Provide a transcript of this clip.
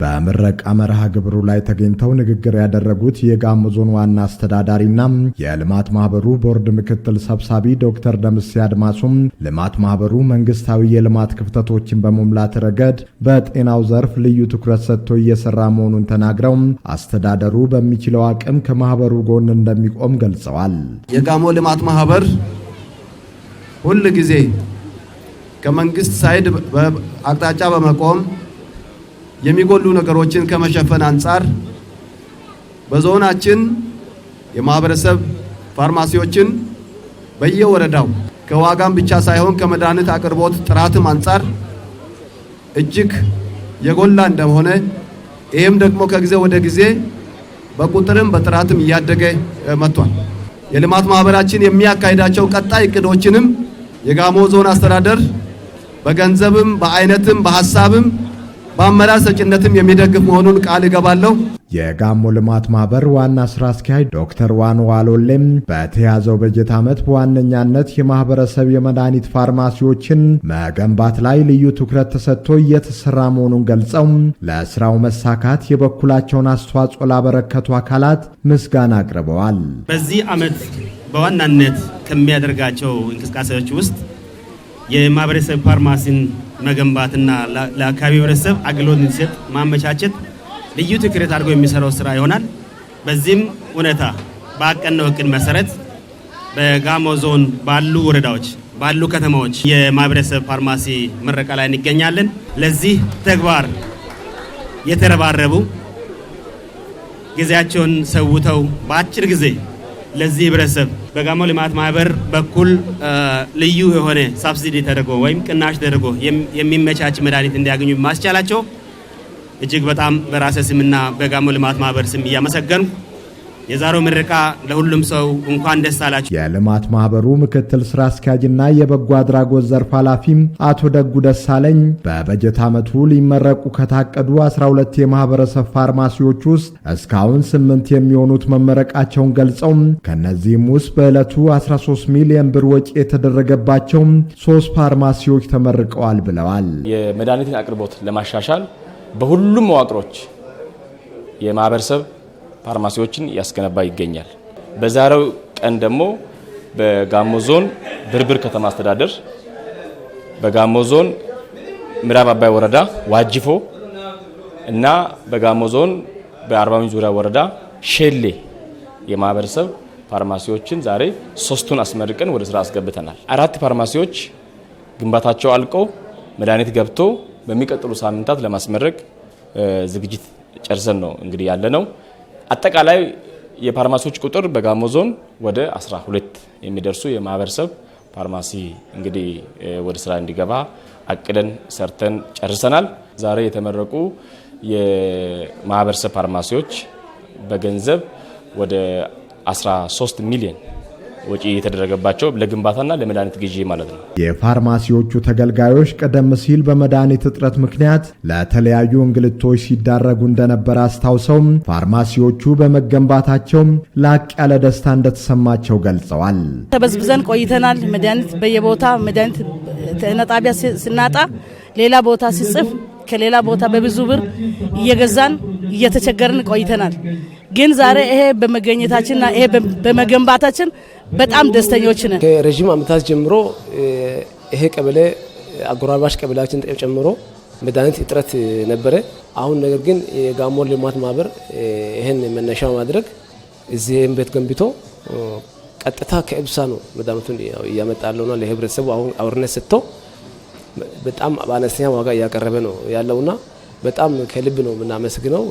በምረቃ መርሃ ግብሩ ላይ ተገኝተው ንግግር ያደረጉት የጋሞ ዞን ዋና አስተዳዳሪና የልማት ማህበሩ ቦርድ ምክትል ሰብሳቢ ዶክተር ደምሴ አድማሱም ልማት ማህበሩ መንግስታዊ የልማት ክፍተቶችን በመሙላት ረገድ በጤናው ዘርፍ ልዩ ትኩረት ሰጥቶ እየሰራ መሆኑን ተናግረው አስተዳደሩ በሚችለው አቅም ከማህበሩ ጎን እንደሚቆም ገልጸዋል። የጋሞ ልማት ማህበር ሁል ጊዜ ከመንግስት ሳይድ አቅጣጫ በመቆም የሚጎሉ ነገሮችን ከመሸፈን አንጻር በዞናችን የማህበረሰብ ፋርማሲዎችን በየወረዳው ከዋጋም ብቻ ሳይሆን ከመድኃኒት አቅርቦት ጥራትም አንጻር እጅግ የጎላ እንደሆነ ይህም ደግሞ ከጊዜ ወደ ጊዜ በቁጥርም በጥራትም እያደገ መጥቷል። የልማት ማህበራችን የሚያካሂዳቸው ቀጣይ እቅዶችንም የጋሞ ዞን አስተዳደር በገንዘብም፣ በአይነትም፣ በሀሳብም በአመራር ሰጭነትም የሚደግፍ መሆኑን ቃል እገባለሁ። የጋሞ ልማት ማህበር ዋና ስራ አስኪያጅ ዶክተር ዋን ዋሎሌም በተያዘው በጀት ዓመት በዋነኛነት የማህበረሰብ የመድኃኒት ፋርማሲዎችን መገንባት ላይ ልዩ ትኩረት ተሰጥቶ እየተሰራ መሆኑን ገልጸው ለስራው መሳካት የበኩላቸውን አስተዋጽኦ ላበረከቱ አካላት ምስጋና አቅርበዋል። በዚህ ዓመት በዋናነት ከሚያደርጋቸው እንቅስቃሴዎች ውስጥ የማህበረሰብ ፋርማሲን መገንባትና ለአካባቢ ህብረተሰብ አገልግሎት እንዲሰጥ ማመቻቸት ልዩ ትኩረት አድርጎ የሚሰራው ስራ ይሆናል። በዚህም ሁኔታ በአቀነው እቅድ መሰረት በጋሞ ዞን ባሉ ወረዳዎች ባሉ ከተማዎች የማህበረሰብ ፋርማሲ ምረቃ ላይ እንገኛለን። ለዚህ ተግባር የተረባረቡ ጊዜያቸውን ሰውተው በአጭር ጊዜ ለዚህ ህብረተሰብ በጋሞ ልማት ማህበር በኩል ልዩ የሆነ ሳብሲዲ ተደርጎ ወይም ቅናሽ ተደርጎ የሚመቻች መድኃኒት እንዲያገኙ ማስቻላቸው እጅግ በጣም በራሴ ስምና በጋሞ ልማት ማህበር ስም እያመሰገንኩ የዛሬው ምረቃ ለሁሉም ሰው እንኳን ደስ አላችሁ። የልማት ማህበሩ ምክትል ስራ አስኪያጅና የበጎ አድራጎት ዘርፍ ኃላፊም አቶ ደጉ ደሳለኝ በበጀት ዓመቱ ሊመረቁ ከታቀዱ 12 የማህበረሰብ ፋርማሲዎች ውስጥ እስካሁን ስምንት የሚሆኑት መመረቃቸውን ገልጸው ከእነዚህም ውስጥ በዕለቱ 13 ሚሊዮን ብር ወጪ የተደረገባቸው ሶስት ፋርማሲዎች ተመርቀዋል ብለዋል። የመድኃኒትን አቅርቦት ለማሻሻል በሁሉም መዋቅሮች የማህበረሰብ ፋርማሲዎችን እያስገነባ ይገኛል። በዛሬው ቀን ደግሞ በጋሞ ዞን ብርብር ከተማ አስተዳደር፣ በጋሞ ዞን ምዕራብ አባይ ወረዳ ዋጅፎ እና በጋሞ ዞን በአርባ ምንጭ ዙሪያ ወረዳ ሼሌ የማህበረሰብ ፋርማሲዎችን ዛሬ ሶስቱን አስመርቀን ወደ ስራ አስገብተናል። አራት ፋርማሲዎች ግንባታቸው አልቆ መድኃኒት ገብቶ በሚቀጥሉ ሳምንታት ለማስመረቅ ዝግጅት ጨርሰን ነው እንግዲህ ያለ ነው። አጠቃላይ የፋርማሲዎች ቁጥር በጋሞ ዞን ወደ 12 የሚደርሱ የማህበረሰብ ፋርማሲ እንግዲህ ወደ ስራ እንዲገባ አቅደን ሰርተን ጨርሰናል። ዛሬ የተመረቁ የማህበረሰብ ፋርማሲዎች በገንዘብ ወደ 13 ሚሊዮን ወጪ የተደረገባቸው ለግንባታና ለመድኃኒት ግዢ ማለት ነው። የፋርማሲዎቹ ተገልጋዮች ቀደም ሲል በመድኃኒት እጥረት ምክንያት ለተለያዩ እንግልቶች ሲዳረጉ እንደነበር አስታውሰው ፋርማሲዎቹ በመገንባታቸው ላቅ ያለ ደስታ እንደተሰማቸው ገልጸዋል። ተበዝብዘን ቆይተናል። መድኃኒት በየቦታ መድኃኒት ጤና ጣቢያ ስናጣ ሌላ ቦታ ሲጽፍ ከሌላ ቦታ በብዙ ብር እየገዛን እየተቸገርን ቆይተናል። ግን ዛሬ ይሄ በመገኘታችንና ይሄ በመገንባታችን በጣም ደስተኞች ነን። ከረዥም ዓመታት ጀምሮ ይሄ ቀበሌ አጎራባሽ ቀበሌያችን ጨምሮ መድኃኒት እጥረት ነበረ። አሁን ነገር ግን የጋሞ ልማት ማህበር ይህን መነሻ ማድረግ እዚህም ቤት ገንብቶ ቀጥታ ከእብሳ ነው መድኃኒቱን እያመጣ ያለውና ለህብረተሰቡ አሁን አውርነት ሰጥቶ በጣም በአነስተኛ ዋጋ እያቀረበ ነው ያለውና በጣም ከልብ ነው የምናመሰግነው።